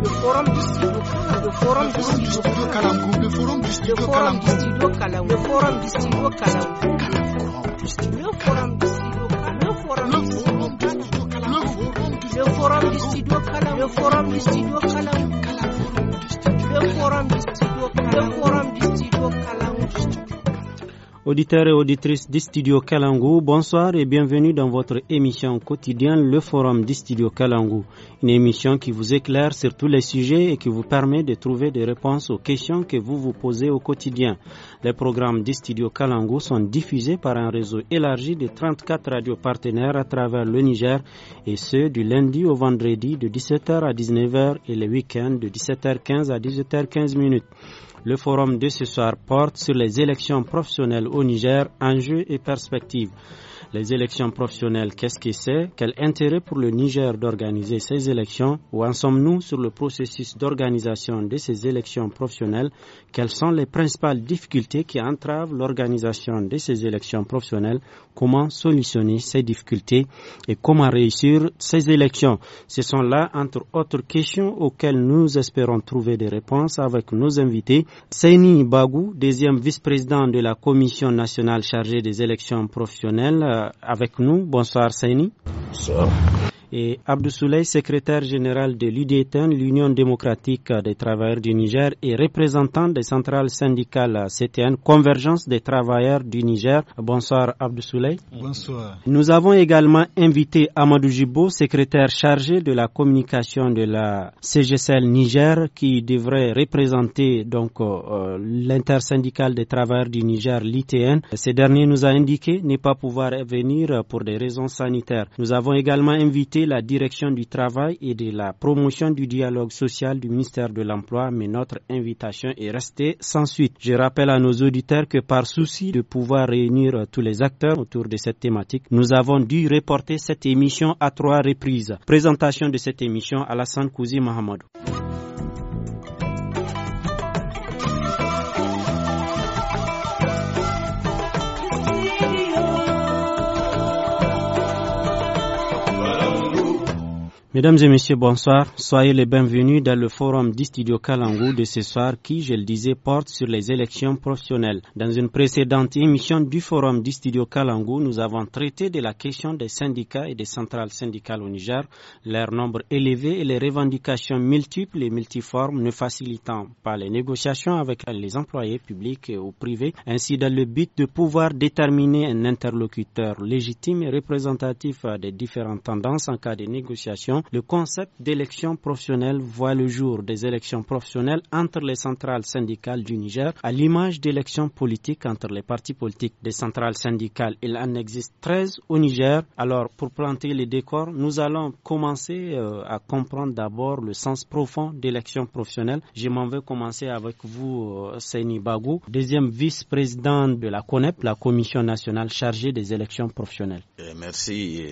The forum du studio forum du the forum, the forum du the forum du the forum, the forum du the forum, the forum du the forum, the forum du the forum, the forum du the forum, the forum du the forum, the forum du studio Kalamkou Auditeurs et auditrices du studio Kalangu, bonsoir et bienvenue dans votre émission quotidienne Le Forum du studio Kalangu. Une émission qui vous éclaire sur tous les sujets et qui vous permet de trouver des réponses aux questions que vous vous posez au quotidien. Les programmes du studio Kalangu sont diffusés par un réseau élargi de 34 radios partenaires à travers le Niger et ceux du lundi au vendredi de 17h à 19h et les week-ends de 17h15 à 18h15 minutes. Le forum de ce soir porte sur les élections professionnelles au Niger, enjeux et perspectives. Les élections professionnelles, qu'est-ce que c'est Quel intérêt pour le Niger d'organiser ces élections Où en sommes-nous sur le processus d'organisation de ces élections professionnelles Quelles sont les principales difficultés qui entravent l'organisation de ces élections professionnelles Comment solutionner ces difficultés et comment réussir ces élections Ce sont là, entre autres questions, auxquelles nous espérons trouver des réponses avec nos invités. Seini Bagou, deuxième vice-président de la Commission nationale chargée des élections professionnelles, avec nous. Bonsoir Saini et Abdou secrétaire général de l'UDTN, l'Union démocratique des travailleurs du Niger, et représentant des centrales syndicales CTN, Convergence des travailleurs du Niger. Bonsoir Abdou Bonsoir. Nous avons également invité Amadou Jibo, secrétaire chargé de la communication de la CGCL Niger, qui devrait représenter donc euh, euh, l'intersyndicale des travailleurs du Niger, l'ITN. Ce dernier nous a indiqué ne pas pouvoir venir pour des raisons sanitaires. Nous avons également invité la direction du travail et de la promotion du dialogue social du ministère de l'Emploi, mais notre invitation est restée sans suite. Je rappelle à nos auditeurs que par souci de pouvoir réunir tous les acteurs autour de cette thématique, nous avons dû reporter cette émission à trois reprises. Présentation de cette émission à la Kouzi Mahamadou. Mesdames et messieurs, bonsoir. Soyez les bienvenus dans le forum d'Istudio Kalangou de ce soir qui, je le disais, porte sur les élections professionnelles. Dans une précédente émission du forum d'Istudio Kalangou, nous avons traité de la question des syndicats et des centrales syndicales au Niger, leur nombre élevé et les revendications multiples et multiformes ne facilitant pas les négociations avec les employés publics ou privés, ainsi dans le but de pouvoir déterminer un interlocuteur légitime et représentatif des différentes tendances en cas de négociation le concept d'élection professionnelle voit le jour des élections professionnelles entre les centrales syndicales du Niger, à l'image d'élections politiques entre les partis politiques des centrales syndicales. Il en existe 13 au Niger. Alors, pour planter les décors, nous allons commencer euh, à comprendre d'abord le sens profond d'élections professionnelles. Je m'en vais commencer avec vous, euh, Seini Bagou, deuxième vice-président de la CONEP, la Commission nationale chargée des élections professionnelles. Euh, merci,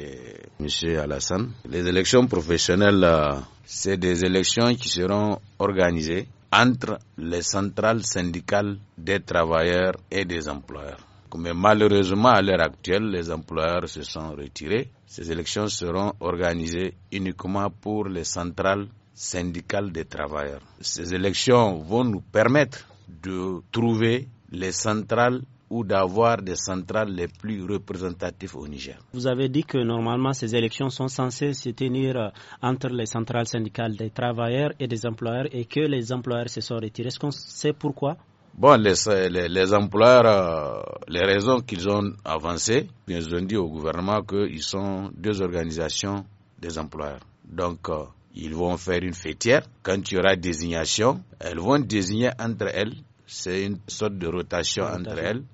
Monsieur Alassane. Les élections professionnels, euh, c'est des élections qui seront organisées entre les centrales syndicales des travailleurs et des employeurs. Mais malheureusement, à l'heure actuelle, les employeurs se sont retirés. Ces élections seront organisées uniquement pour les centrales syndicales des travailleurs. Ces élections vont nous permettre de trouver les centrales ou d'avoir des centrales les plus représentatives au Niger. Vous avez dit que normalement ces élections sont censées se tenir euh, entre les centrales syndicales des travailleurs et des employeurs et que les employeurs se sont retirés. Est-ce qu'on sait pourquoi Bon, les, employeurs, euh, les raisons qu'ils ont avancées, ils ont dit au gouvernement qu'ils sont deux organisations des employeurs. Donc, euh, ils vont faire une fêtière. Quand il y aura désignation, elles vont désigner entre elles c'est une sorte de rotation entre elles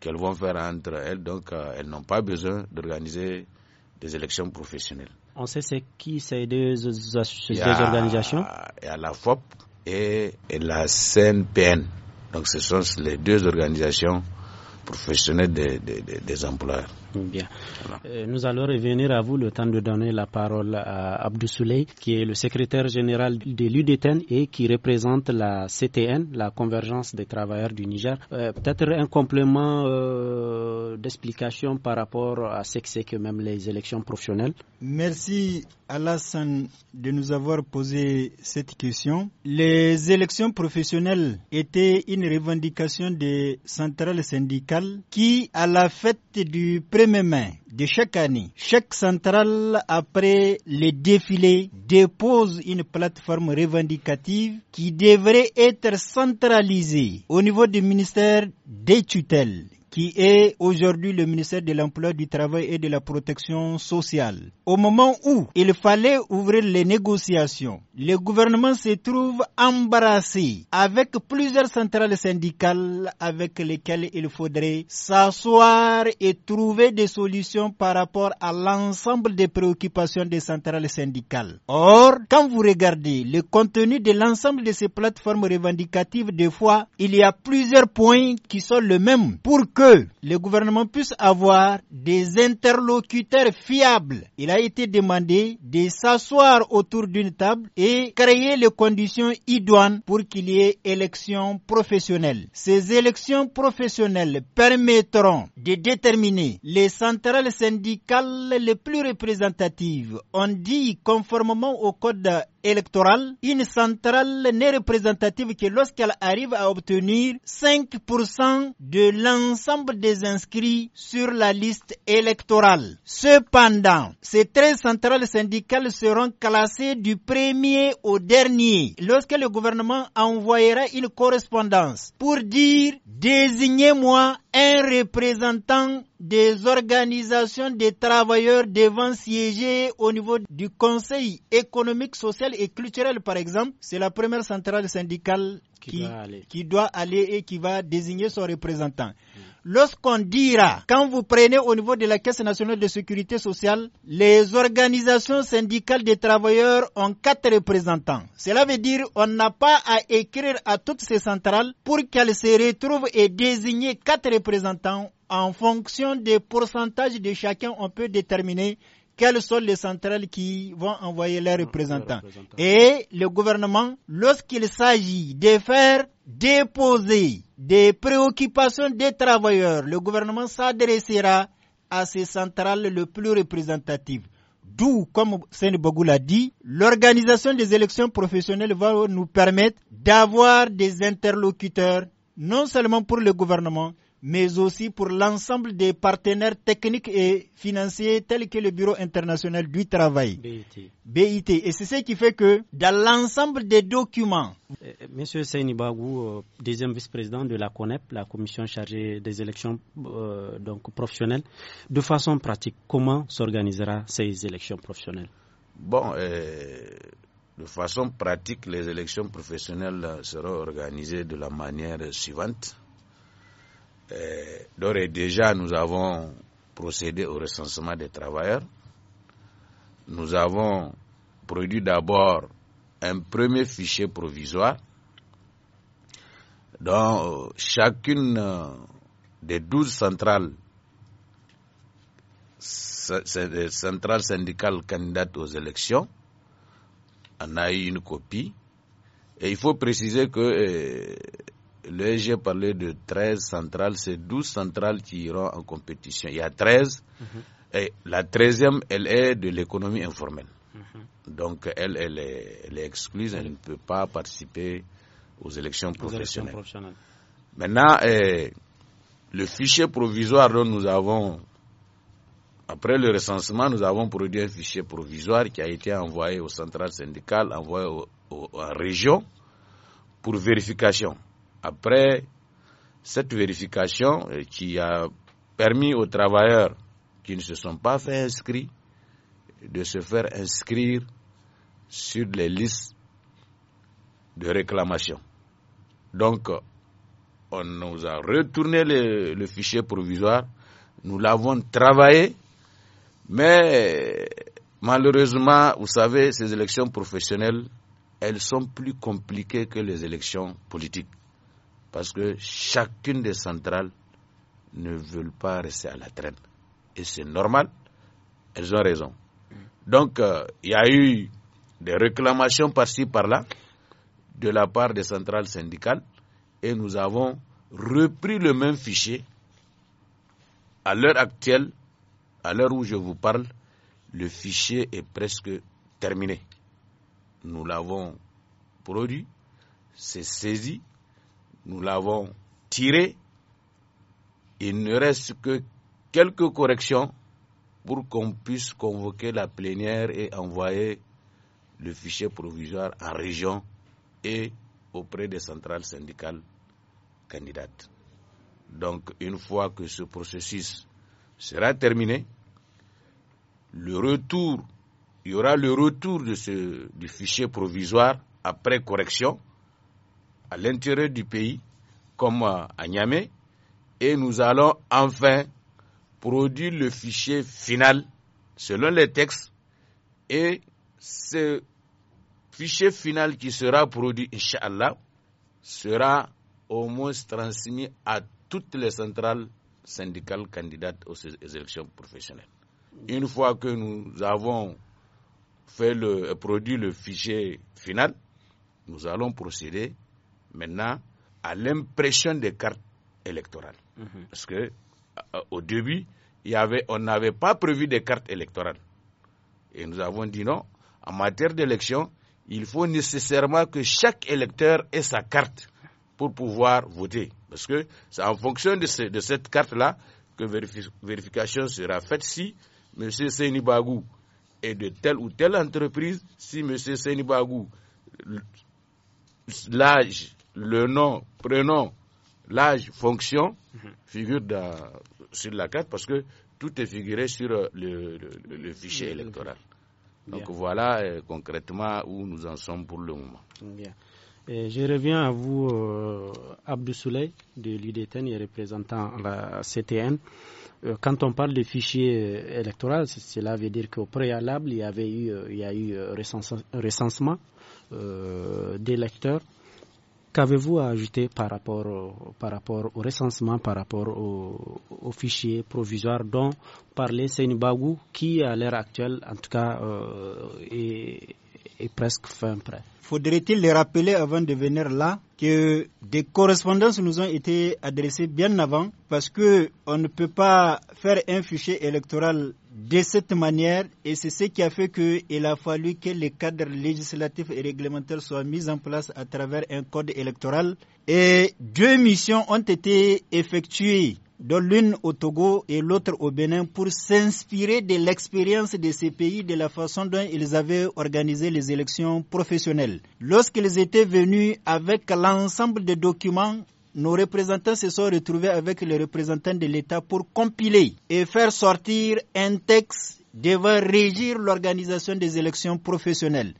qu'elles vont faire entre elles. Donc, euh, elles n'ont pas besoin d'organiser des élections professionnelles. On sait c'est qui ces deux, organisations Il y a la FOP et, la CNPN. Donc, ce sont les deux organisations professionnelles des employeurs bien. Euh, nous allons revenir à vous le temps de donner la parole à Abdou Souley, qui est le secrétaire général de l'UDTN et qui représente la CTN, la Convergence des travailleurs du Niger. Euh, peut-être un complément euh, d'explication par rapport à ce que c'est que même les élections professionnelles. Merci Alassane de nous avoir posé cette question. Les élections professionnelles étaient une revendication des centrales syndicales qui, à la fête du président de chaque année, chaque centrale, après le défilé, dépose une plateforme revendicative qui devrait être centralisée au niveau du ministère des tutelles qui est aujourd'hui le ministère de l'Emploi, du Travail et de la Protection sociale. Au moment où il fallait ouvrir les négociations, le gouvernement se trouve embarrassé avec plusieurs centrales syndicales avec lesquelles il faudrait s'asseoir et trouver des solutions par rapport à l'ensemble des préoccupations des centrales syndicales. Or, quand vous regardez le contenu de l'ensemble de ces plateformes revendicatives, des fois, il y a plusieurs points qui sont le même pour que le gouvernement puisse avoir des interlocuteurs fiables, il a été demandé de s'asseoir autour d'une table et créer les conditions idoines pour qu'il y ait élections professionnelles. Ces élections professionnelles permettront de déterminer les centrales syndicales les plus représentatives. On dit conformément au code électoral, une centrale n'est représentative que lorsqu'elle arrive à obtenir 5% de l'ensemble des inscrits sur la liste électorale. Cependant, ces 13 centrales syndicales seront classées du premier au dernier lorsque le gouvernement envoyera une correspondance pour dire désignez-moi un représentant des organisations des travailleurs devant siéger au niveau du Conseil économique, social et culturel, par exemple, c'est la première centrale syndicale qui, doit aller et qui va désigner son représentant. Lorsqu'on dira, quand vous prenez au niveau de la Caisse nationale de sécurité sociale, les organisations syndicales des travailleurs ont quatre représentants. Cela veut dire on n'a pas à écrire à toutes ces centrales pour qu'elles se retrouvent et désigner quatre représentants. En fonction des pourcentages de chacun, on peut déterminer quelles sont les centrales qui vont envoyer leurs ah, représentants. Les représentants. Et le gouvernement, lorsqu'il s'agit de faire déposer des préoccupations des travailleurs, le gouvernement s'adressera à ces centrales les plus représentatives. D'où, comme Seine Bogou l'a dit, l'organisation des élections professionnelles va nous permettre d'avoir des interlocuteurs, non seulement pour le gouvernement, mais aussi pour l'ensemble des partenaires techniques et financiers tels que le Bureau international du travail, BIT. Et c'est ce qui fait que dans l'ensemble des documents... Euh, Monsieur Seynibagou, euh, deuxième vice-président de la CONEP, la commission chargée des élections euh, professionnelles, de façon pratique, comment s'organisera ces élections professionnelles Bon, de façon pratique, les élections professionnelles seront organisées de la manière suivante euh, d'ores et déjà, nous avons procédé au recensement des travailleurs. Nous avons produit d'abord un premier fichier provisoire dans euh, chacune euh, des douze centrales, centrales syndicales candidates aux élections en a eu une copie. Et il faut préciser que Là, j'ai parlé de 13 centrales. C'est 12 centrales qui iront en compétition. Il y a 13. Mhm. Et la 13e, elle est de l'économie informelle. Mhm. Donc, elle, est, elle exclue. Elle ne peut pas participer aux élections professionnelles. Maintenant, eh, le fichier provisoire dont nous avons, après le recensement, nous avons produit un fichier provisoire qui a été envoyé aux centrales syndicales, envoyé aux régions pour vérification. Après cette vérification euh, qui a permis aux travailleurs qui ne se sont pas fait inscrits de se faire inscrire sur les listes de réclamation. Donc, on nous a retourné le, le fichier provisoire, nous l'avons travaillé, mais malheureusement, vous savez, ces élections professionnelles, elles sont plus compliquées que les élections politiques. Parce que chacune des centrales ne veut pas rester à la traîne. Et c'est normal, elles ont raison. Donc, euh, il y a eu des réclamations par-ci, par-là, de la part des centrales syndicales, et nous avons repris le même fichier. À l'heure actuelle, à l'heure où je vous parle, le fichier est presque terminé. Nous l'avons produit, c'est saisi nous l'avons tiré. Il ne reste que quelques corrections pour qu'on puisse convoquer la plénière et envoyer le fichier provisoire en région et auprès des centrales syndicales candidates. Donc, une fois que ce processus sera terminé, le retour, il y aura le retour de du fichier provisoire après correction à l'intérieur du pays, comme euh, à Niamey, et nous allons enfin produire le fichier final selon les textes et ce fichier final qui sera produit, Inch'Allah, sera au moins transmis à toutes les centrales syndicales candidates aux élections professionnelles. Une fois que nous avons fait le, produit le fichier final, nous allons procéder maintenant à l'impression des cartes électorales. Mhm. Parce que euh, au début, on n'avait pas prévu des cartes électorales. Et nous avons dit non, en matière d'élection, il faut nécessairement que chaque électeur ait sa carte pour pouvoir voter. Parce que c'est en fonction de, cette carte-là que la vérification sera faite si M. Senibagou est de telle ou telle entreprise, si M. Senibagou, l'âge le nom, prénom, l'âge, fonction mhm. figure sur la carte parce que tout est figuré sur euh, le, fichier électoral. Donc voilà euh, concrètement où nous en sommes pour le moment. je reviens à vous, euh, Abdou Souley, de l'UDTN et représentant la CTN. quand on parle de fichier électoral, cela veut dire qu'au préalable, il y avait eu, il y a eu recensement d'électeurs Qu'avez-vous à ajouter par rapport, par rapport au recensement, par rapport au, fichier provisoire dont parlait Senbagou qui à l'heure actuelle, en tout cas, euh, est, presque fin prêt Faudrait-il les rappeler avant de venir là que des correspondances nous ont été adressées bien avant parce que on ne peut pas faire un fichier électoral de cette manière, et c'est ce qui a fait qu'il a fallu que les cadres législatifs et réglementaires soient mis en place à travers un code électoral. Et deux missions ont été effectuées, dont l'une au Togo et l'autre au Bénin, pour s'inspirer de l'expérience de ces pays, de la façon dont ils avaient organisé les élections professionnelles. Lorsqu'ils étaient venus avec l'ensemble des documents nos représentants se sont retrouvés avec les représentants de l'État pour compiler et faire sortir un texte devant régir l'organisation des élections professionnelles.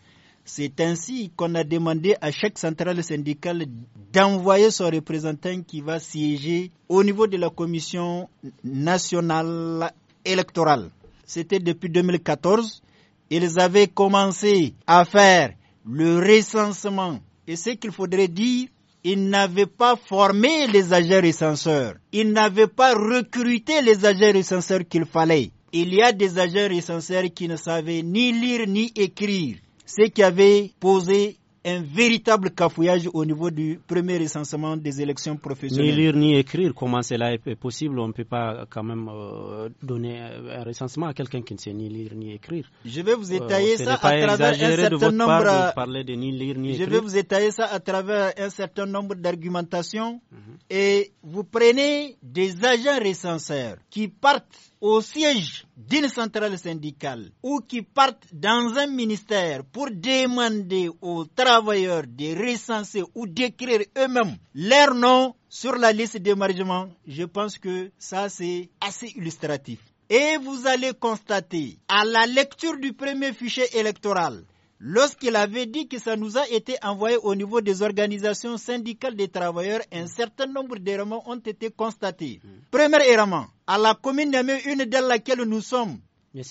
C'est ainsi qu'on a demandé à chaque centrale syndicale d'envoyer son représentant qui va siéger au niveau de la commission nationale électorale. C'était depuis 2014. Ils avaient commencé à faire le recensement. Et ce qu'il faudrait dire, il n'avait pas formé les agents recenseurs. Il n'avait pas recruté les agents recenseurs qu'il fallait. Il y a des agents recenseurs qui ne savaient ni lire ni écrire, Ceux qui avaient posé un véritable cafouillage au niveau du premier recensement des élections professionnelles. Ni lire ni écrire, comment cela est possible On ne peut pas quand même euh, donner un recensement à quelqu'un qui ne sait ni lire ni écrire. Je vais vous euh, étayer ça à travers un certain nombre. je vais vous étayer ça à travers un certain nombre d'argumentations mhm. et vous prenez des agents recenseurs qui partent au siège d'une centrale syndicale ou qui partent dans un ministère pour demander aux travailleurs de recenser ou d'écrire eux-mêmes leur nom sur la liste d'émargement, je pense que ça c'est assez illustratif. Et vous allez constater, à la lecture du premier fichier électoral, lorsqu'il avait dit que ça nous a été envoyé au niveau des organisations syndicales des travailleurs, un mm. certain nombre d'errements ont été constatés. Première mm. Premier à la commune numéro une dans laquelle nous sommes,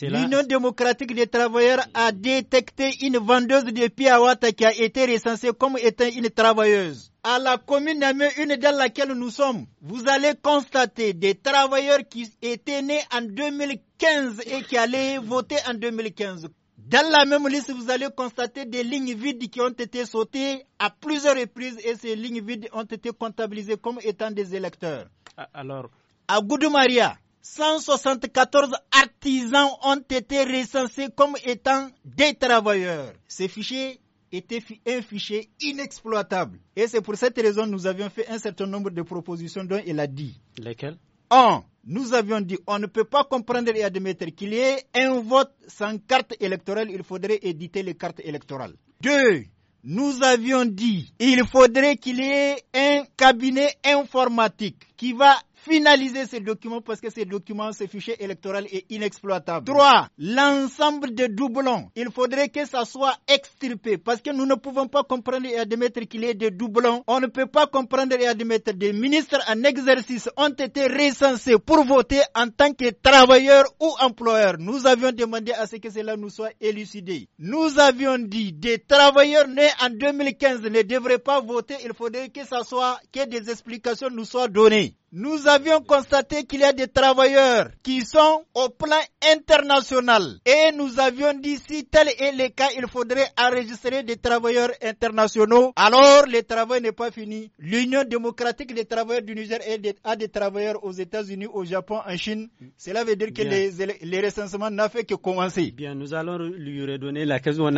L'Union démocratique des travailleurs a détecté une vendeuse de Piawata qui a été recensée comme étant une travailleuse. À la commune une dans laquelle nous sommes, vous allez constater des travailleurs qui étaient nés en 2015 et qui allaient voter en 2015. Dans la même liste, vous allez constater des lignes vides qui ont été sautées à plusieurs reprises et ces lignes vides ont été comptabilisées comme étant des électeurs. Ah, alors À Maria, 174 artisans ont été recensés comme étant des travailleurs. Ces fichiers était un fichier inexploitable. Et c'est pour cette raison que nous avions fait un certain nombre de propositions dont il a dit. Lesquelles 1 nous avions dit on ne peut pas comprendre et admettre qu'il y ait un vote sans carte électorale, il faudrait éditer les cartes électorales. Deux, nous avions dit il faudrait qu'il y ait un cabinet informatique qui va finaliser ces documents parce que ces documents, ces fichiers électoral est inexploitable. Trois, l'ensemble des doublons. Il faudrait que ça soit extirpé parce que nous ne pouvons pas comprendre et admettre qu'il y ait des doublons. On ne peut pas comprendre et admettre des ministres en exercice ont été recensés pour voter en tant que travailleurs ou employeurs. Nous avions demandé à ce que cela nous soit élucidé. Nous avions dit des travailleurs nés en 2015 ne devraient pas voter. Il faudrait que ça soit, que des explications nous soient données nous avions constaté qu'il y a des travailleurs qui sont au plan international. Et nous avions dit si tel est le cas, il faudrait enregistrer des travailleurs internationaux. Alors, le travail n'est pas fini. L'Union démocratique des travailleurs du Niger a des travailleurs aux États-Unis, au Japon, en Chine. Cela veut dire que les, recensements n'ont fait que commencer. Bien, nous allons lui redonner la question. On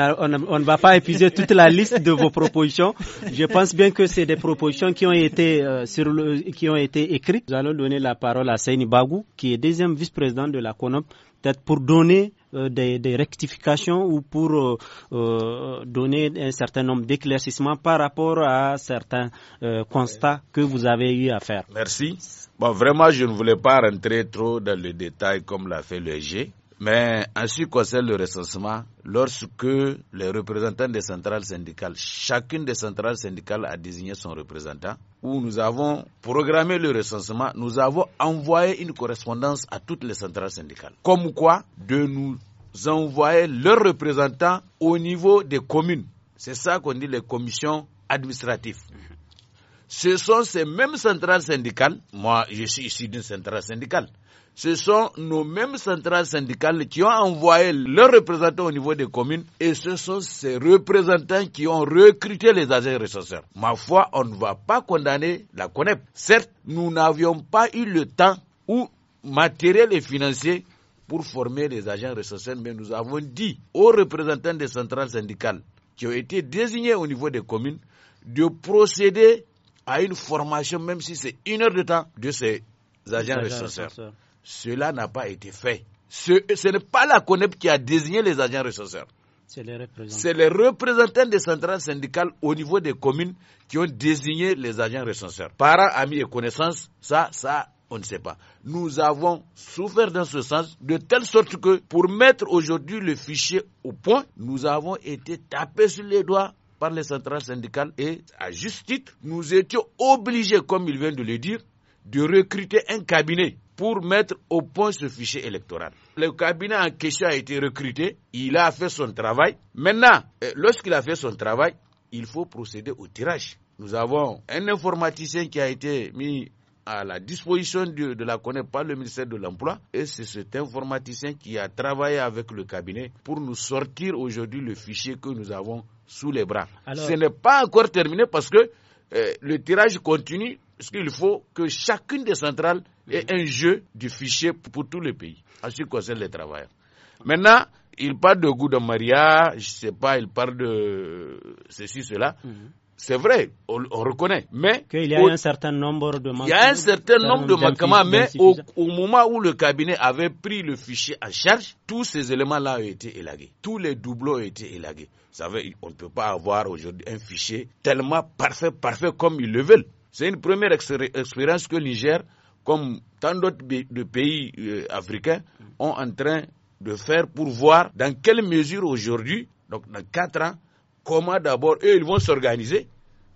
ne va pas épuiser toute la liste de vos propositions. Je pense bien que c'est des propositions qui ont été, euh, sur le, qui ont été écrites nous allons donner la parole à Seyni Bagou, qui est deuxième vice-président de la CONOP, peut-être pour donner euh, des, rectifications ou pour euh, euh, donner un certain nombre d'éclaircissements par rapport à certains constats que vous avez eu à faire. Merci. vraiment, je ne voulais pas rentrer trop dans les détails comme l'a fait le G, mais ensuite, quoi qui le recensement, lorsque les représentants des centrales syndicales, chacune des centrales syndicales a désigné son représentant, où nous avons programmé le recensement, nous avons envoyé une correspondance à toutes les centrales syndicales. Comme quoi, de nous envoyer leurs représentants au niveau des communes. C'est ça qu'on dit les commissions administratives. Ce sont ces mêmes centrales syndicales, moi je suis ici d'une centrale syndicale, ce sont nos mêmes centrales syndicales qui ont envoyé leurs représentants au niveau des communes et ce sont ces représentants qui ont recruté les agents recenseurs. Ma foi, on ne va pas condamner la CONEP. Certes, nous n'avions pas eu le temps ou matériel et financier pour former les agents recenseurs, mais nous avons dit aux représentants des centrales syndicales qui ont été désignés au niveau des communes de procéder à une formation, même si c'est une heure de temps, de ces agents recenseurs. Cela n'a pas été fait. Ce, n'est pas la CONEP qui a désigné les agents recenseurs. C'est les représentants. C'est les représentants des centrales syndicales au niveau des communes qui ont désigné les agents recenseurs. Parents, amis et connaissances, ça, ça, on ne sait pas. Nous avons souffert dans ce sens, de telle sorte que pour mettre aujourd'hui le fichier au point, nous avons été tapés sur les doigts par les centrales syndicales et, à juste titre, nous étions obligés, comme il vient de le dire, de recruter un cabinet pour mettre au point ce fichier électoral. Le cabinet en question a été recruté, il a fait son travail. Maintenant, euh, lorsqu'il a fait son travail, il faut procéder au tirage. Nous avons un informaticien qui a été mis à la disposition de, la CONEP par le ministère de l'Emploi et c'est cet informaticien qui a travaillé avec le cabinet pour nous sortir aujourd'hui le fichier que nous avons sous les bras. Ce n'est pas encore terminé parce que euh, le tirage continue parce qu'il faut que chacune des centrales et un jeu du fichier pour tous les pays, en ce qui concerne les travailleurs. Maintenant, il parle de goût de Maria, je sais pas, il parle de ceci, cela. Mhm. C'est vrai, on, reconnaît. Mais. Qu'il y a un certain nombre de manquements. Il y a un certain nombre de manquements, mais au, moment où le cabinet avait pris le fichier en charge, tous ces éléments-là ont été élagués. Tous les doublons ont été élagués. Vous savez, on ne peut pas avoir aujourd'hui un fichier tellement parfait, parfait comme ils le veulent. C'est une première expérience que Niger comme tant d'autres pays euh, africains ont en train de faire pour voir dans quelle mesure aujourd'hui, donc dans quatre ans, comment d'abord eux, ils vont s'organiser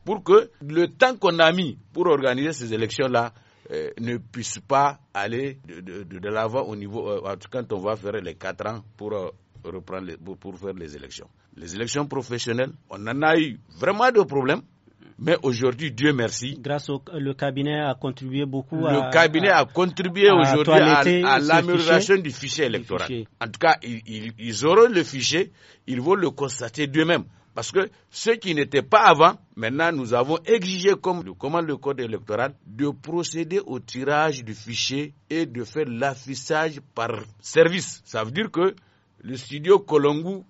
pour que le temps qu'on a mis pour organiser ces élections-là euh, ne puisse pas aller de, l'avant au niveau, euh, en quand on va faire les quatre ans pour reprendre pour faire les élections. Les élections professionnelles, on en a eu vraiment de problèmes mais aujourd'hui, Dieu merci. Grâce au le cabinet a contribué beaucoup. Le cabinet a contribué aujourd'hui à, l'amélioration du fichier électoral. En tout cas, ils, auront le fichier, ils vont le constater d'eux-mêmes. Parce que ceux qui n'étaient pas avant, maintenant nous avons exigé, comme le commande le code électoral, de procéder au tirage du fichier et de faire l'affichage par service. Ça veut dire que le studio Kolongu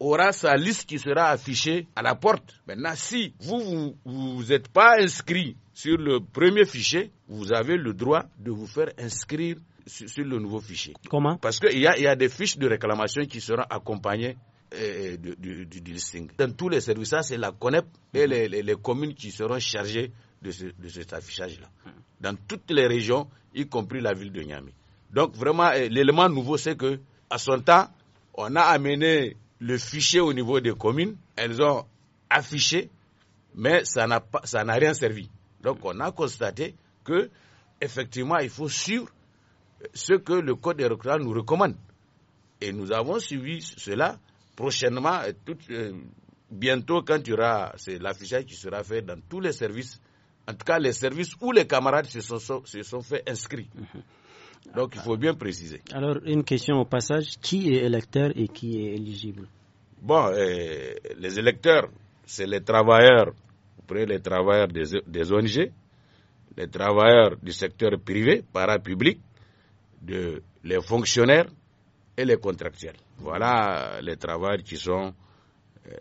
aura sa liste qui sera affichée à la porte. Maintenant, si vous vous, vous êtes pas inscrit sur le premier fichier, vous avez le droit de vous faire inscrire sur, le nouveau fichier. Comment Parce qu'il y a, y a des fiches de réclamation qui seront accompagnées euh, du, listing. Dans tous les services, ça c'est la CONEP et mhm. les, communes qui seront chargées de, ce, de cet affichage-là. Mhm. Dans toutes les régions, y compris la ville de Niamey. Donc vraiment, euh, l'élément nouveau, c'est que à son temps, on a amené le fichier au niveau des communes, elles ont affiché, mais ça n'a rien servi. Donc on a constaté que effectivement il faut suivre ce que le code des recrutements nous recommande. Et nous avons suivi cela prochainement, tout, euh, bientôt quand il y aura l'affichage qui sera fait dans tous les services, en tout cas les services où les camarades se sont, se sont fait inscrits. Mhm. Donc il faut bien préciser. Alors une question au passage, qui est électeur et qui est éligible Bon, euh, les électeurs, c'est les travailleurs, auprès les travailleurs des, ONG, les travailleurs du secteur privé, parapublic, de, les fonctionnaires et les contractuels. Voilà euh, les travailleurs qui sont euh,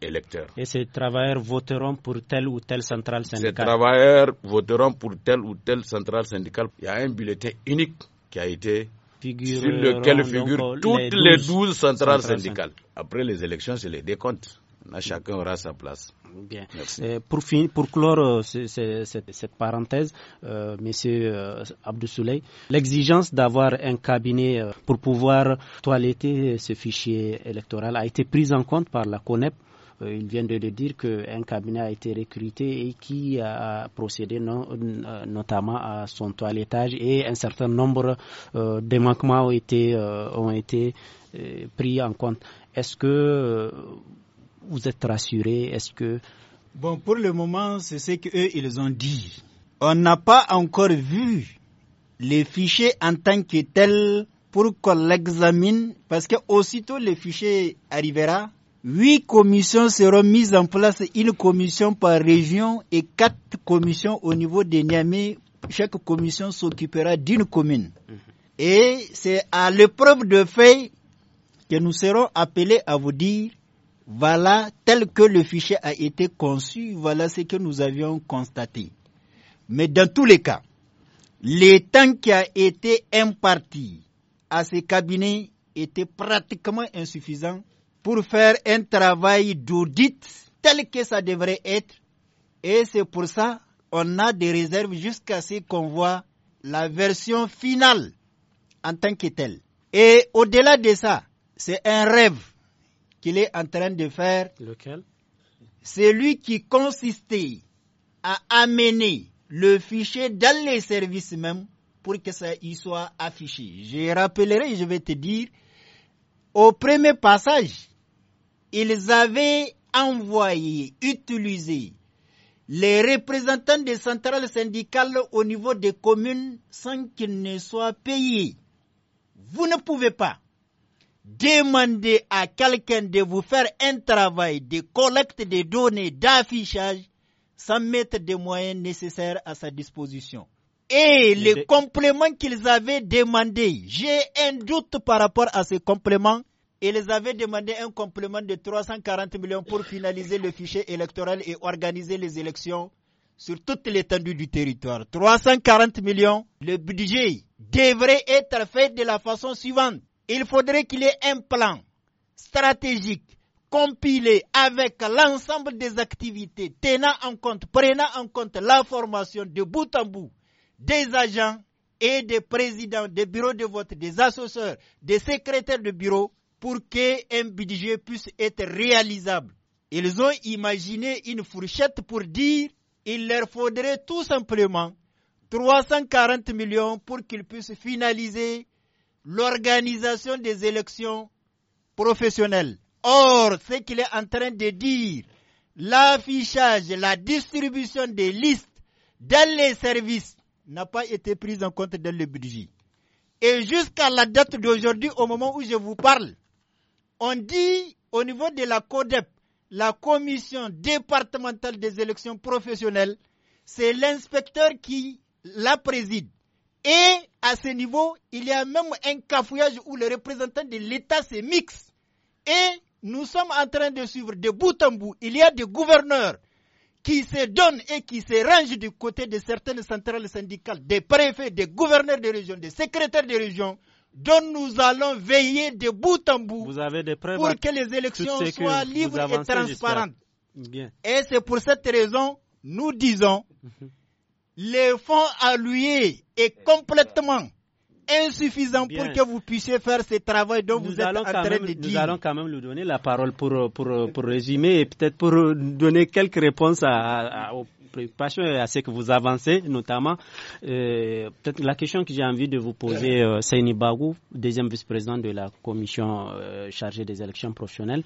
électeurs. Et ces travailleurs voteront pour telle ou telle centrale syndicale. Ces travailleurs voteront pour telle ou telle centrale syndicale. Il y a un bulletin unique qui a été sur lequel figurent toutes les 12, centrales, syndicales. Après les élections, c'est les décomptes chacun aura sa place. Bien. Merci. Euh, pour, finir, pour clore euh, cette, cette, parenthèse, euh, Monsieur euh, Abdou Souley, l'exigence d'avoir un cabinet pour pouvoir toiletter ce fichier électoral a été prise en compte par la CONEP il vient de le dire qu'un cabinet a été recruté et qui a procédé notamment à son toilettage et un certain nombre euh, de manquements ont été, ont été pris en compte. Est-ce que vous êtes rassuré Est-ce que Bon, pour le moment, c'est ce qu'eux, ils ont dit. On n'a pas encore vu les fichiers en tant que tels pour qu'on l'examine, parce que aussitôt le fichier arrivera, huit commissions seront mises en place, une commission par région et quatre commissions au niveau des Niamey. Chaque commission s'occupera d'une commune. Mhm. Et c'est à l'épreuve de fait que nous serons appelés à vous dire voilà tel que le fichier a été conçu, voilà ce que nous avions constaté. Mais dans tous les cas, le temps qui a été imparti à ces cabinets était pratiquement insuffisant pour faire un travail d'audit tel que ça devrait être. Et c'est pour ça on a des réserves jusqu'à ce qu'on voit la version finale en tant que telle. Et au-delà de ça, c'est un rêve qu'il est en train de faire. Lequel Celui qui consistait à amener le fichier dans les services même pour que ça y soit affiché. Je rappellerai, je vais te dire, au premier passage, ils avaient envoyé, utilisé les représentants des centrales syndicales au niveau des communes sans qu'ils ne soient payés. Vous ne pouvez pas demandez à quelqu'un de vous faire un travail de collecte des données, d'affichage, sans mettre des moyens nécessaires à sa disposition. Et les compléments qu'ils avaient demandé, j'ai un doute par rapport à ces compléments. Ils avaient demandé un complément de 340 millions pour finaliser le fichier électoral et organiser les élections sur toute l'étendue du territoire. 340 millions, le budget devrait être fait de la façon suivante il faudrait qu'il y ait un plan stratégique compilé avec l'ensemble des activités, tenant en compte, prenant en compte la formation de bout en bout des agents et des présidents des bureaux de vote, des assesseurs, des secrétaires de bureau pour qu'un budget puisse être réalisable. Ils ont imaginé une fourchette pour dire il leur faudrait tout simplement 340 millions pour qu'ils puissent finaliser l'organisation des élections professionnelles. Or, ce qu'il est en train de dire, l'affichage, la distribution des listes dans les services n'a pas été prise en compte dans le budget. Et jusqu'à la date d'aujourd'hui, au moment où je vous parle, on dit au niveau de la CODEP, la commission départementale des élections professionnelles, c'est l'inspecteur qui la préside. Et à ce niveau, il y a même un cafouillage où le représentant de l'État se mixe. Et nous sommes en train de suivre de bout en bout. Il y a des gouverneurs qui se donnent et qui se rangent du côté de certaines centrales syndicales, des préfets, des gouverneurs de région, des secrétaires de région, dont nous allons veiller de bout en bout pour que les élections soient libres et transparentes. Et c'est pour cette raison, nous disons, mhm les fonds alloués est eh, complètement insuffisant pour que vous puissiez faire ce travail dont vous êtes en train même, de dire. Nous allons quand même lui donner la parole pour, résumer et peut-être pour donner quelques réponses à, aux préoccupations et à ce que vous avancez, notamment euh, peut-être la question que j'ai envie de vous poser, euh, Seyni Saini Bagou, deuxième vice-président de la commission euh, chargée des élections professionnelles.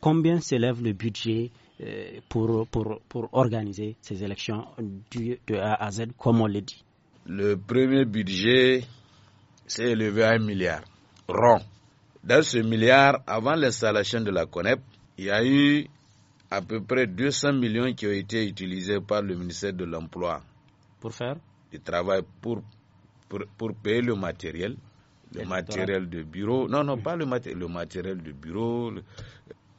combien s'élève le budget euh, pour, organiser ces élections de A à Z, comme on l'a dit Le premier budget s'est élevé à un milliard rond. Dans ce milliard, avant l'installation de la CONEP, il y a eu à peu près 200 millions qui ont été utilisés par le ministère de l'Emploi. Pour faire Du travail pour, payer le matériel. Le matériel de bureau. Non, non, pas le matériel. Le matériel de bureau,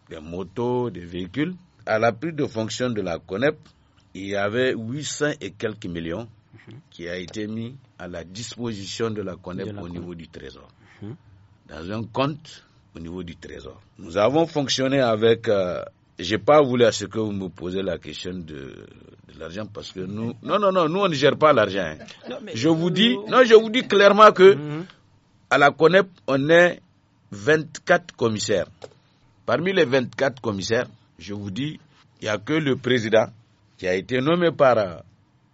des motos, des véhicules à la prise de fonction de la CONEP, il y avait 800 et quelques millions mhm. qui a été mis à la disposition de la CONEP au niveau du Trésor, mhm. dans un compte au niveau du Trésor. Nous avons fonctionné avec... Je euh, j'ai pas voulu à ce que vous me posiez la question de, l'argent parce que nous, mhm. non, non, non, nous on ne gère pas l'argent. Hein. Je vous dis, non, je vous dis clairement que à la CONEP, on est 24 commissaires. Parmi les 24 commissaires, je vous dis, il n'y a que le président qui a été nommé par euh,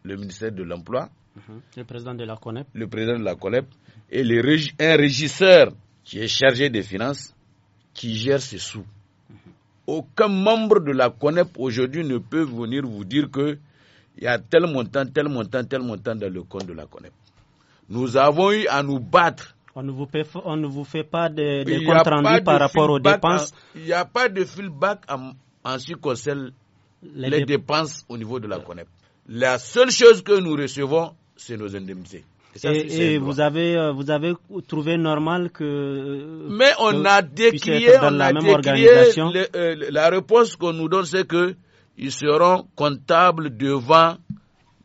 le ministère de l'Emploi. Mhm. Le président de la CONEP. Le président de la CONEP et un régisseur qui est chargé des finances qui gère ses sous. Mhm. Aucun membre de la CONEP aujourd'hui ne peut venir vous dire que y a tel montant, tel montant, tel montant dans le compte de la CONEP. Nous avons eu à nous battre. On ne vous, fait, pas de, compte rendu par rapport aux dépenses. Il n'y a pas de feedback à en ce qui les, dépenses au niveau de la CONEP. La seule chose que nous recevons, c'est nos indemnités. Et, vous, avez, euh, vous avez trouvé normal que. Euh, Mais on a décrié, on la, a même euh, la réponse qu'on nous donne, c'est qu'ils seront comptables devant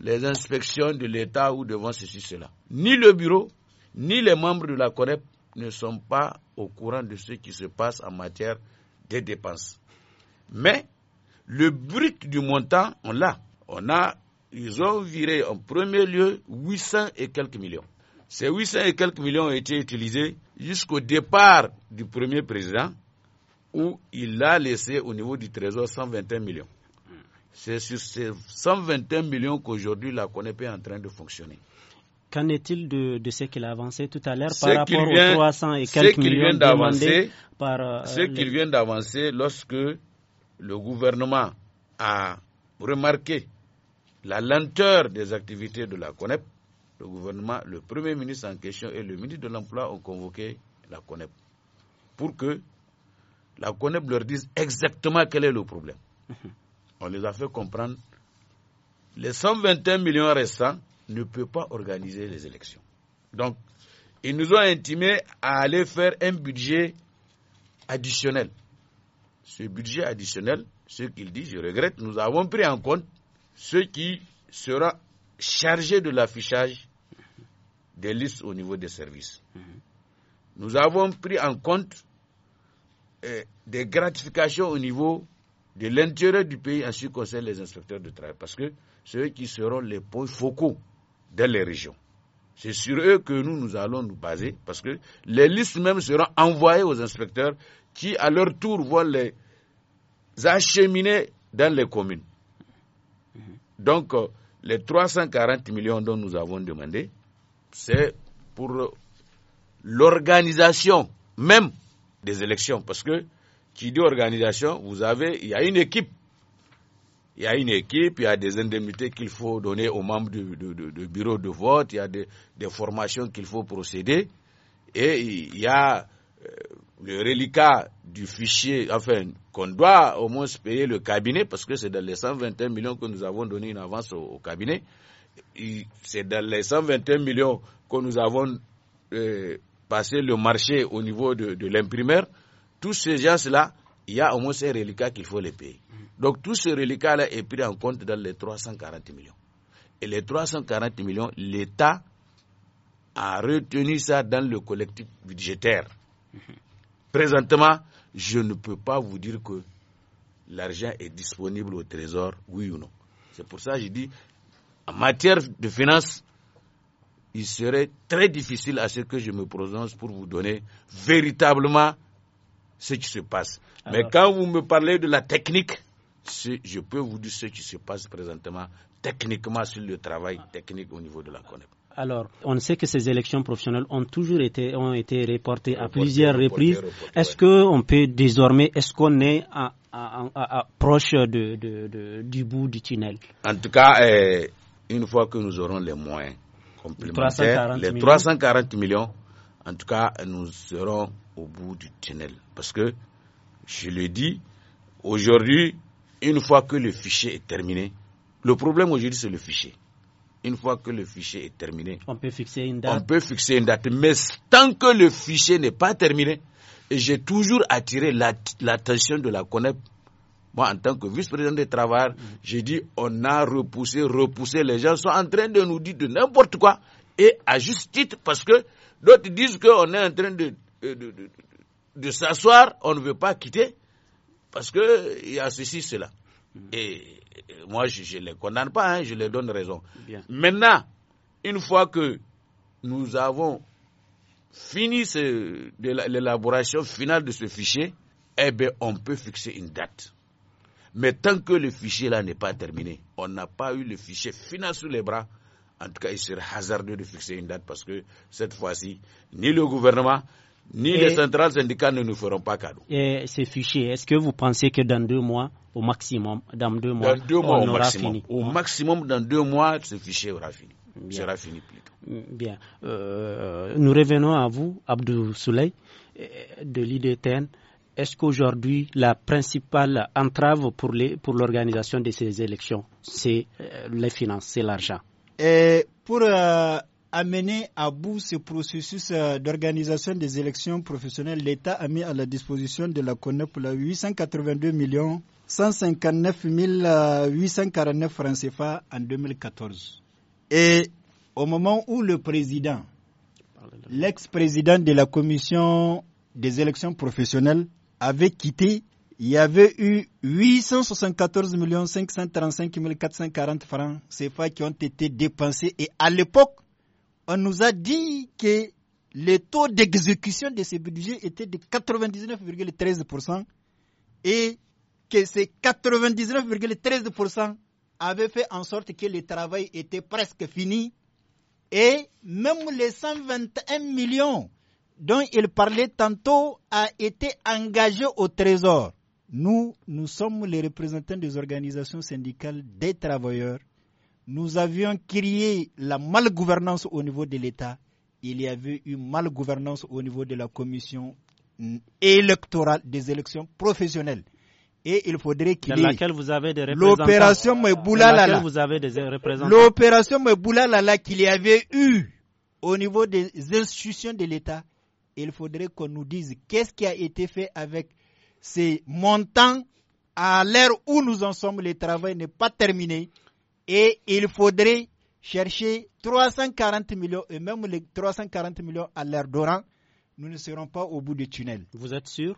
les inspections de l'État ou devant ceci, cela. Ni le bureau, ni les membres de la CONEP ne sont pas au courant de ce qui se passe en matière des dépenses. Mais le brut du montant, on l'a. On a, ils ont viré en premier lieu 800 et quelques millions. Ces 800 et quelques millions ont été utilisés jusqu'au départ du premier président où il a laissé au niveau du trésor 121 millions. C'est sur ces 121 millions qu'aujourd'hui la CONEP est en train de fonctionner. Qu'en est-il de, de, ce qu'il a avancé tout à l'heure par rapport aux 300 et quelques millions vient euh, Ce qu'il vient d'avancer lorsque le gouvernement a remarqué la lenteur des activités de la CONEP, le gouvernement, le Premier ministre en question et le ministre de l'Emploi ont convoqué la CONEP pour que la CONEP leur dise exactement quel est le problème. On les a fait comprendre. Les 121 millions restants ne peuvent pas organiser les élections. Donc, ils nous ont intimés à aller faire un budget additionnel ce budget additionnel, ce qu'il dit, je regrette, nous avons pris en compte ce qui sera chargé de l'affichage des listes au niveau des services. Nous avons pris en compte eh, des gratifications au niveau de l'intérieur du pays en ce qui concerne les inspecteurs de travail, parce que ceux qui seront les points focaux dans les régions. C'est sur eux que nous, nous allons nous baser, parce que les listes même seront envoyées aux inspecteurs qui à leur tour vont les acheminer dans les communes. Donc, euh, les 340 millions dont nous avons demandé, c'est pour euh, l'organisation même des élections. Parce que, qui dit organisation, vous avez, il y a une équipe. Il y a une équipe, il y a des indemnités qu'il faut donner aux membres du, bureau de vote, il y a des, des formations qu'il faut procéder, et il y a euh, le reliquat du fichier, enfin, qu'on doit au moins payer le cabinet, parce que c'est dans les 121 millions que nous avons donné une avance au, cabinet. C'est dans les 121 millions que nous avons euh, passé le marché au niveau de, de l'imprimeur. Tous ces gens-là, il y a au moins ces reliquats qu'il faut les payer. Donc tout ce reliquat-là est pris en compte dans les 340 millions. Et les 340 millions, l'État a retenu ça dans le collectif budgétaire. Mhm. Présentement, je ne peux pas vous dire que l'argent est disponible au trésor, oui ou non. C'est pour ça que je dis, en matière de finances, il serait très difficile à ce que je me prononce pour vous donner véritablement ce qui se passe. Mais quand vous me parlez de la technique, je peux vous dire ce qui se passe présentement techniquement sur le travail ah. technique au niveau de la CONEP. Alors, on sait que ces élections professionnelles ont toujours été, ont été reportées à plusieurs reprises. Est-ce qu'on peut désormais, est-ce qu'on est à, proche du bout du tunnel En tout cas, eh, une fois que nous aurons les moyens complémentaires, les 340 millions, en tout cas, nous serons au bout du tunnel. Parce que, je le dis, aujourd'hui, une fois que le fichier est terminé, le problème aujourd'hui, c'est le fichier une fois que le fichier est terminé, on peut fixer une date. On peut fixer une date. Mais tant que le fichier n'est pas terminé, j'ai toujours attiré l'attention de la CONEP. Moi, en tant que vice-président des travailleurs, mm. j'ai dit on a repoussé, repoussé. Les gens sont en train de nous dire de n'importe quoi. Et à juste titre, parce que d'autres disent qu'on est en train de, s'asseoir, on ne veut pas quitter, parce qu'il y a ceci, cela. Mm. Et moi, je ne les condamne pas, hein, je les donne raison. Maintenant, une fois que nous avons fini l'élaboration finale de ce fichier, eh bien, on peut fixer une date. Mais tant que le fichier là n'est pas terminé, on n'a pas eu le fichier final sous les bras. En tout cas, il serait hasardeux de fixer une date parce que cette fois-ci, ni le gouvernement, ni les centrales syndicales ne nous feront pas cadeau. Et ces fichiers, est-ce que vous pensez que dans deux mois, au maximum. Dans deux mois, au aura maximum. Fini. Au hein? maximum, dans deux mois, ce fichier aura fini. Bien. Sera fini Bien. Euh, nous revenons à vous, Abdou Souley, euh, de l'IDTN. Est-ce qu'aujourd'hui, la principale entrave pour l'organisation pour de ces élections, c'est euh, les finances, c'est l'argent Et Pour amener à bout ce processus d'organisation des élections professionnelles, l'État a mis à la disposition de la CONEP 882 millions 159 849 francs CFA en 2014. Et au moment où le président, l'ex-président de la commission des élections professionnelles avait quitté, il y avait eu 874 535 440 francs CFA qui ont été dépensés. Et à l'époque, on nous a dit que le taux d'exécution de ces budgets était de 99,13% et que ces 99,13% avaient fait en sorte que le travail était presque fini et même les 121 millions dont il parlait tantôt a été engagé au trésor. Nous, nous sommes les représentants des organisations syndicales des travailleurs. Nous avions crié la malgouvernance au niveau de l'État. Il y avait eu malgouvernance au niveau de la commission électorale des élections professionnelles et il faudrait qu'il y ait des L'opération L'opération qu'il y avait eu au niveau des institutions de l'État, il faudrait qu'on nous dise qu'est-ce qui a été fait avec ces montants à l'heure où nous en sommes, le travail n'est pas terminé et il faudrait chercher 340 millions et même les 340 millions à l'heure d'Oran, nous ne serons pas au bout du tunnel. Vous êtes sûr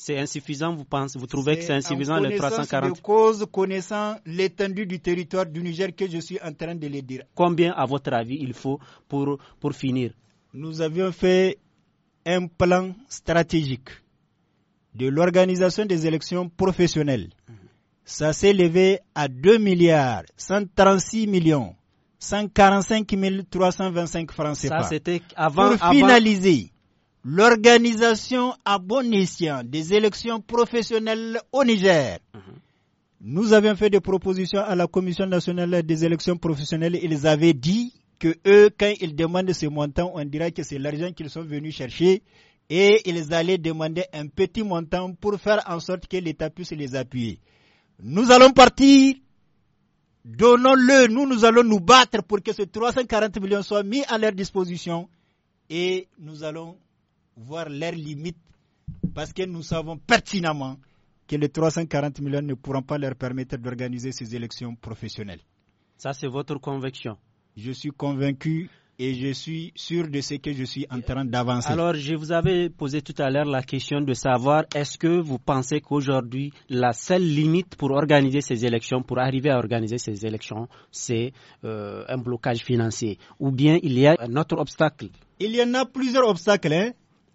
c'est insuffisant, vous pensez Vous trouvez que c'est insuffisant les 340 de cause, connaissant l'étendue du territoire du Niger que je suis en train de le dire. Combien, à votre avis, il faut pour, pour finir Nous avions fait un plan stratégique de l'organisation des élections professionnelles. Ça s'est levé à 2 milliards 136 millions 145 325 francs CFA. Ça, c'était avant. Pour finaliser l'organisation à des élections professionnelles au Niger. Mhm. Nous avions fait des propositions à la Commission nationale des élections professionnelles. Ils avaient dit que eux, quand ils demandent ce montant, on dirait que c'est l'argent qu'ils sont venus chercher et ils allaient demander un petit montant pour faire en sorte que l'État puisse les appuyer. Nous allons partir, donnons-le, nous, nous allons nous battre pour que ces 340 millions soient mis à leur disposition et nous allons voir leurs limites parce que nous savons pertinemment que les 340 millions ne pourront pas leur permettre d'organiser ces élections professionnelles. Ça, c'est votre conviction. Je suis convaincu et je suis sûr de ce que je suis en train d'avancer. Alors, je vous avais posé tout à l'heure la question de savoir est-ce que vous pensez qu'aujourd'hui, la seule limite pour organiser ces élections, pour arriver à organiser ces élections, c'est euh, un blocage financier Ou bien il y a un autre obstacle Il y en a plusieurs obstacles. Hein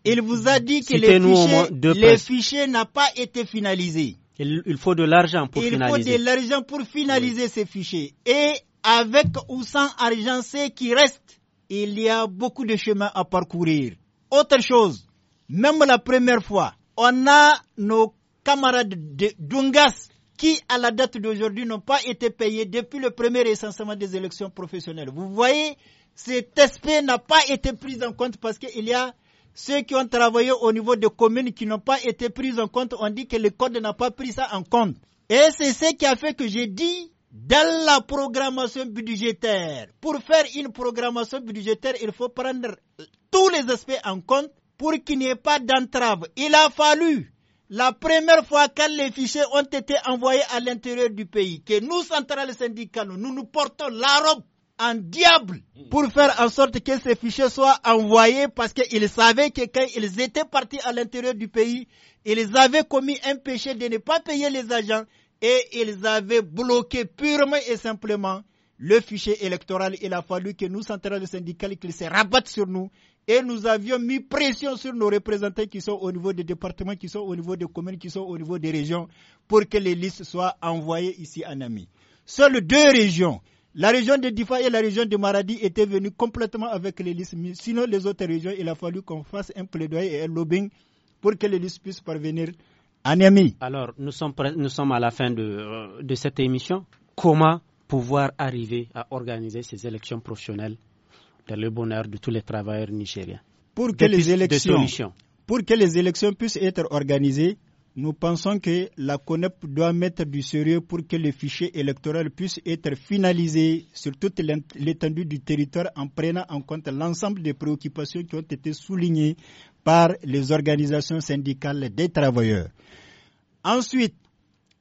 il vous a dit que les fichiers, fichiers n'ont pas été finalisés. Il, faut de l'argent pour finaliser. Il faut de l'argent pour finaliser ces fichiers. Et avec ou sans argent, c'est qui reste, il y a beaucoup de chemin à parcourir. Autre chose, même la première fois, on a nos camarades Dungas qui, à la date d'aujourd'hui, n'ont pas été payés depuis le premier recensement des élections professionnelles. Vous voyez, cet aspect n'a pas été pris en compte parce qu'il y a ceux qui ont travaillé au niveau des communes qui n'ont pas été prises en compte, ont dit que le code n'a pas pris ça en compte. Et c'est ce qui a fait que j'ai dit, dans la programmation budgétaire, pour faire une programmation budgétaire, il faut prendre tous les aspects en compte pour qu'il n'y ait pas d'entrave. Il a fallu, la première fois que les fichiers ont été envoyés à l'intérieur du pays, que nous, centrales syndicales, nous nous portons la robe un diable pour faire en sorte que ces fichiers soient envoyés parce qu'ils savaient que quand ils étaient partis à l'intérieur du pays, ils avaient commis un péché de ne pas payer les agents et ils avaient bloqué purement et simplement le fichier électoral. Il a fallu que nous, centrales syndicats qu'ils se rabattent sur nous et nous avions mis pression sur nos représentants qui sont au niveau des départements, qui sont au niveau des communes, qui sont au niveau des régions pour que les listes soient envoyées ici en Ami. Seules deux régions, la région de Difa et la région de Maradi étaient venues complètement avec les listes. Sinon, les autres régions, il a fallu qu'on fasse un plaidoyer et un lobbying pour que les listes puissent parvenir à Niamey. Alors, nous sommes, nous sommes à la fin euh, de, cette émission. Comment pouvoir arriver à organiser ces élections professionnelles dans le bonheur de tous les travailleurs nigériens pour que les élections puissent être organisées, nous pensons que la CONEP doit mettre du sérieux pour que les fichiers électoraux puissent être finalisés sur toute l'étendue du territoire en prenant en compte l'ensemble des préoccupations qui ont été soulignées par les organisations syndicales des travailleurs. Ensuite,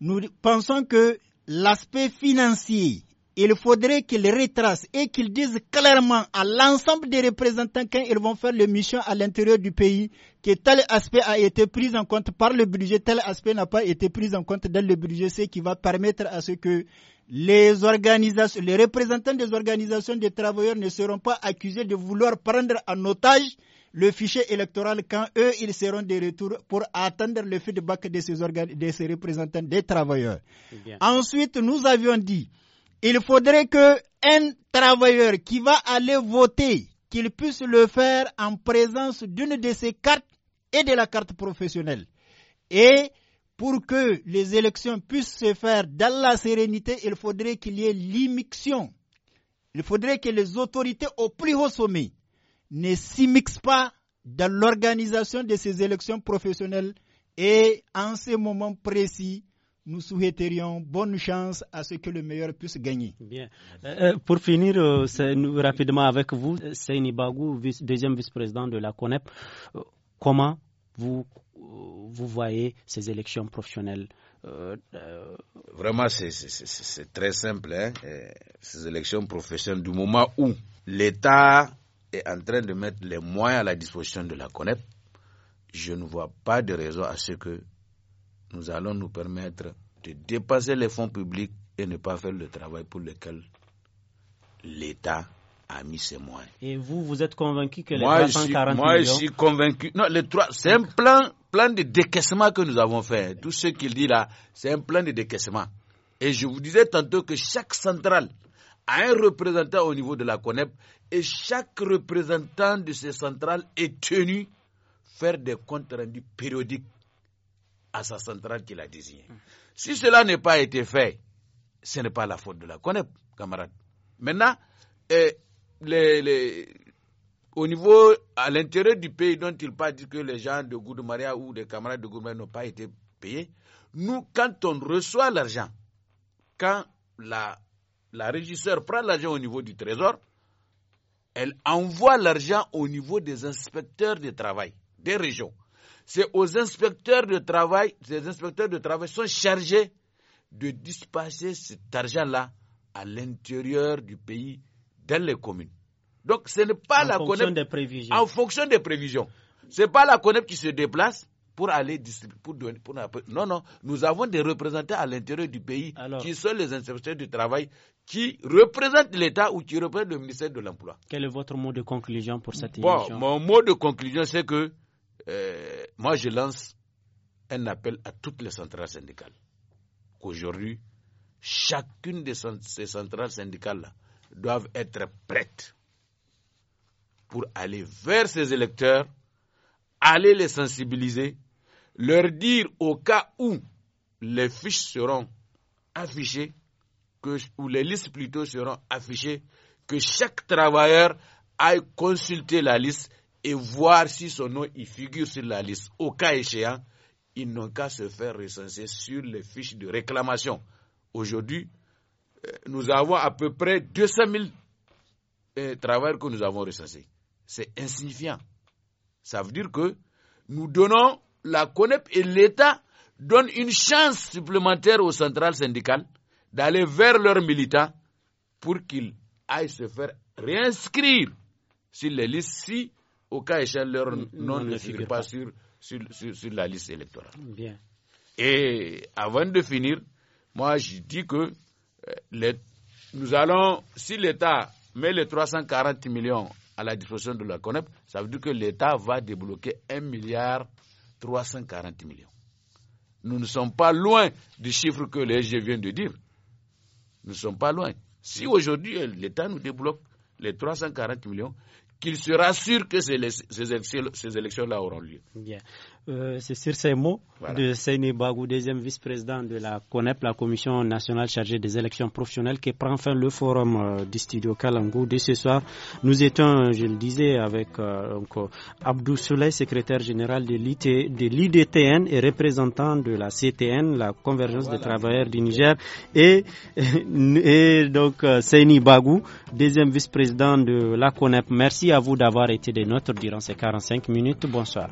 nous pensons que l'aspect financier il faudrait qu'ils retracent et qu'ils disent clairement à l'ensemble des représentants quand ils vont faire les missions à l'intérieur du pays que tel aspect a été pris en compte par le budget, tel aspect n'a pas été pris en compte dans le budget, ce qui va permettre à ce que les organisations, les représentants des organisations des travailleurs ne seront pas accusés de vouloir prendre en otage le fichier électoral quand eux, ils seront de retour pour attendre le feedback de ces, organ... de ces représentants des travailleurs. Ensuite, nous avions dit il faudrait que un travailleur qui va aller voter, qu'il puisse le faire en présence d'une de ses cartes et de la carte professionnelle. Et pour que les élections puissent se faire dans la sérénité, il faudrait qu'il y ait l'immixion. Il faudrait que les autorités au plus haut sommet ne s'immixent pas dans l'organisation de ces élections professionnelles. Et en ce moment précis, nous souhaiterions bonne chance à ce que le meilleur puisse gagner. Bien. Euh, euh, pour finir euh, rapidement avec vous, Seyni Bagou, deuxième vice-président de la CONEP, comment vous, vous voyez ces élections professionnelles Vraiment, c'est très simple. Hein. Ces élections professionnelles, du moment où l'État est en train de mettre les moyens à la disposition de la CONEP, je ne vois pas de raison à ce que nous allons nous permettre de dépasser les fonds publics et ne pas faire le travail pour lequel l'État a mis ses moyens. Et vous, vous êtes convaincu que les moi, 340 moi, je suis convaincu. Non, les trois, c'est un plan, plan de décaissement que nous avons fait. Tout ce qu'il dit là, c'est un plan de décaissement. Et je vous disais tantôt que chaque centrale a un représentant au niveau de la CONEP et chaque représentant de ces centrales est tenu faire des comptes rendus périodiques à sa centrale qu'il a désignée. Si cela n'est pas été fait, ce n'est pas la faute de la CONEP, camarade. Maintenant, euh, au niveau, à l'intérieur du pays dont il pas dit que les gens de Maria ou des camarades de Goudemaria n'ont pas été payés, nous, quand on reçoit l'argent, quand la, la régisseur prend l'argent au niveau du trésor, elle envoie l'argent au niveau des inspecteurs de travail des régions c'est aux inspecteurs de travail, ces inspecteurs de travail sont chargés de dispatcher cet argent-là à l'intérieur du pays, dans les communes. Donc ce n'est pas en la fonction des prévisions. En fonction des prévisions. Ce n'est pas la CONEP qui se déplace pour aller distribuer. Pour donner, Non, non. Nous avons des représentants à l'intérieur du pays qui sont les inspecteurs de travail qui représentent l'État ou qui représentent le ministère de l'Emploi. Quel est votre mot de conclusion pour cette émission Mon mot de conclusion, c'est que euh, moi je lance un appel à toutes les centrales syndicales. Qu'aujourd'hui, chacune de ces centrales syndicales doivent être prêtes pour aller vers ses électeurs, aller les sensibiliser, leur dire au cas où les fiches seront affichées, que, ou les listes plutôt seront affichées, que chaque travailleur aille consulter la liste et voir si son nom y figure sur la liste. Au cas échéant, ils n'ont qu'à se faire recenser sur les fiches de réclamation. Aujourd'hui, euh, nous avons à peu près 200 000 euh, travailleurs que nous avons recensés. C'est insignifiant. Ça veut dire que nous donnons, la CONEP et l'État donne une chance supplémentaire aux centrales syndicales d'aller vers leurs militants pour qu'ils aillent se faire réinscrire sur les listes si au cas échéant, leur nom ne figure, pas, Sur, la liste électorale. Bien. Et avant de finir, moi je dis que euh, nous allons, si l'État met les 340 millions à la disposition de la CONEP, ça veut dire que l'État va débloquer 1 milliard 340 millions. Nous ne sommes pas loin du chiffre que les je viens de dire. Nous ne sommes pas loin. Si aujourd'hui euh, l'État nous débloque les 340 millions, qu'il sera sûr que ces, ces élections-là auront lieu. Euh, c'est sur ces mots de Seyni Bagou, deuxième vice-président de la CONEP, la Commission nationale chargée des élections professionnelles, qui prend fin le forum euh, du studio Kalangou de ce soir. Nous étions, je le disais, avec euh, Abdou Souley, secrétaire général de l'IDTN et représentant de la CTN, la Convergence des travailleurs du Niger, et, et donc Seyni Bagou, deuxième vice-président de la CONEP. Merci à vous d'avoir été des nôtres durant ces 45 minutes. Bonsoir.